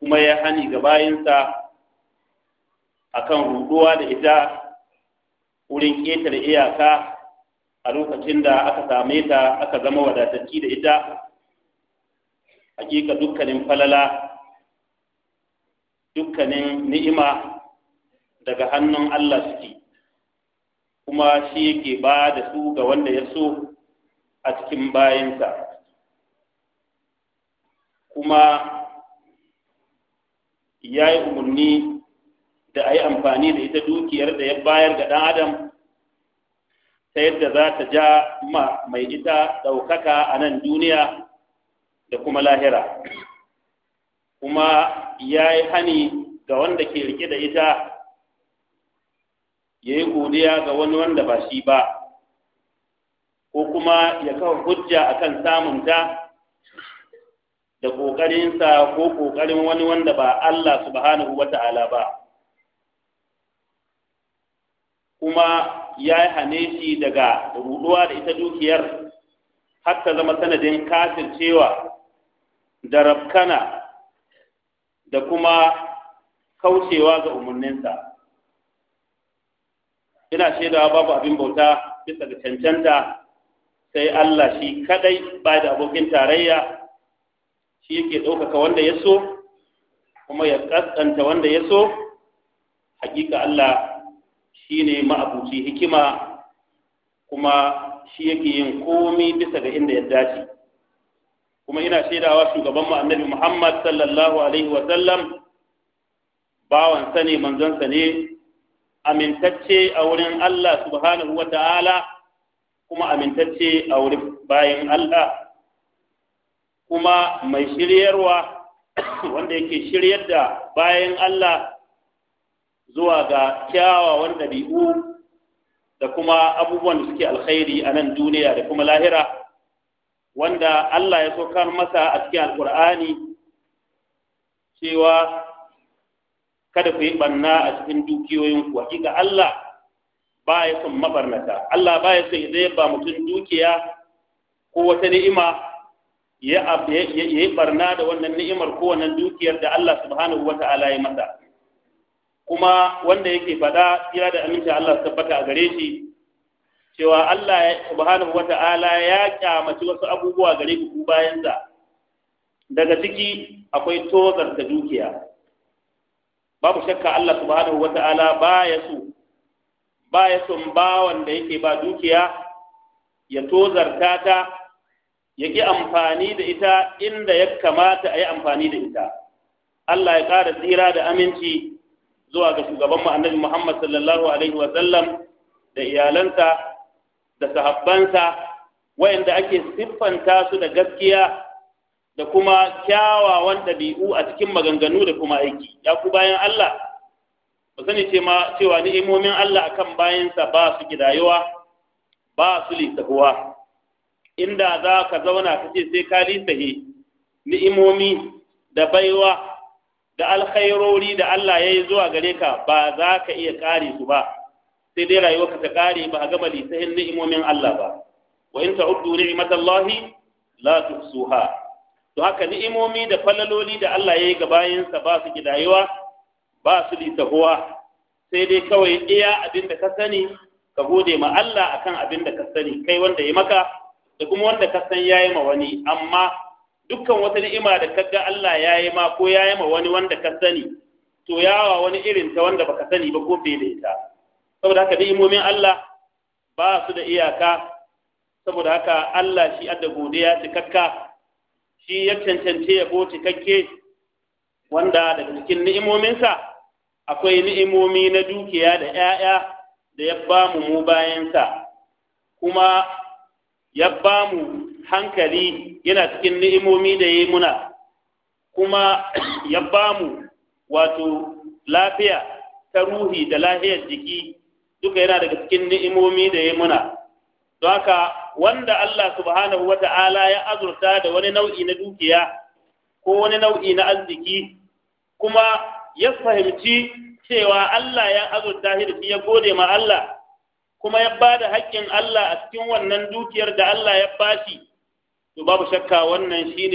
kuma ya hani ga bayinsa akan ruduwa da ita wurin ƙetare iyaka a lokacin da aka same ta aka zama wadatacci da ita hakika dukkanin falala dukkanin ni'ima daga hannun Allah suke kuma shi yake ba da su ga wanda ya so a cikin bayansa kuma ya yi umarni da a yi amfani da ita dukiyar da ya bayar ga ɗan adam ta yadda za ta ja ma mai ita ɗaukaka a nan duniya da kuma lahira kuma ya yi hani ga wanda ke rike da ita ya yi godiya ga wani wanda ba shi ba ko kuma ya kawo hujja a samun samunta da ƙoƙarinsa ko ƙoƙarin wani wanda ba Allah subhanahu wa ta'ala ba kuma ya yi hane shi daga ruɗuwa da ita dukiyar har ta zama sanadin cewa da rabkana da kuma kaucewa ga umarninsa ina shaidawa babu abin bauta bisa ga cancanta sai Allah shi kaɗai ba da abokin tarayya shi yake ɗaukaka wanda ya so kuma ya ƙasƙanta wanda ya so hakika Allah shi ne ma'abuci hikima kuma shi yake yin komi bisa ga inda ya dace kuma ina shaidawa shugaban mu annabi Muhammad sallallahu alaihi Wasallam. bawan sane ne amintacce a wurin Allah subhanahu wa ta'ala kuma amintacce a wurin bayan Allah kuma mai shiryarwa wanda yake shiryar da bayan Allah zuwa ga kyawawan ɗabi'u da kuma abubuwan da suke alkhairi a nan duniya da kuma lahira wanda Allah ya sokar masa a cikin alkur'ani cewa kada ku yi ɓanna a cikin dukiyoyinku ga Allah ba ya son mabarnata Allah ba ya son zai ba mutum dukiya ko wata ni'ima ya yi barna da wannan ni'imar ko dukiyar da Allah subhanahu wa ta'ala ya masa kuma wanda yake faɗa tsira da aminci Allah tabbata a gare shi cewa Allah subhanahu wa ta'ala ya kyamaci wasu abubuwa gare ku bayan sa daga ciki akwai tozar da dukiya babu shakka Allah subhanahu wa ta'ala ya so ya son ba wanda yake ba dukiya ya tozarta ta ya ƙi amfani da ita inda ya kamata a yi amfani da ita Allah ya ƙara tsira da aminci zuwa ga shugabanmu annabi Muhammad sallallahu alaihi wa da iyalanta, da sahabbansa wayanda ake siffanta su da gaskiya da kuma kyawawan ɗabi'u a cikin maganganu da kuma aiki ya ku bayan Allah ba sani ce ma cewa ni'imomin Allah akan bayansa ba su gidayewa ba su lisahuwa inda za ka zauna ka ce sai ka lisahi ni'imomi da baiwa da alkhairori da Allah ya yi zuwa gare ka ba za ka iya kare su ba sai dai rayuwa ka ta ƙare ba a gama lisahin ni'imomin Allah ba wa in ta uddu ni'matallahi la tuhsuha to haka ni'imomi da falaloli da Allah ya yi ga bayansa ba su gidayewa ba su lisahuwa sai dai kawai iya abin da ka sani ka gode ma Allah akan abin da ka sani kai wanda ya maka da kuma wanda ka san yayi ma wani amma dukkan wata ni'ima da kaga ga Allah yayi ma ko yayi ma wani wanda ka sani to yawa wani irin ta wanda baka sani ba ko bai da ita saboda haka ni'imomin Allah ba su da iyaka saboda haka Allah shi adda godiya cikakka shi ya cancance yabo cikakke wanda daga cikin ni'imominsa akwai ni'imomi na dukiya da ‘ya'ya da ya ba mu mu bayansa, kuma ya ba mu hankali yana cikin ni'imomi da ya muna kuma ya ba mu wato lafiya ta ruhi da lahiyar jiki duka yana daga cikin ni'imomi da ya muna don haka wanda Allah subhanahu wa ta'ala ya azurta da wani nau'i na dukiya ko wani nau'i na arziki kuma ya fahimci cewa Allah ya azurta shi da ya gode ma Allah kuma ya ba da haƙƙin Allah a cikin wannan dukiyar da Allah ya bashi to babu shakka wannan shine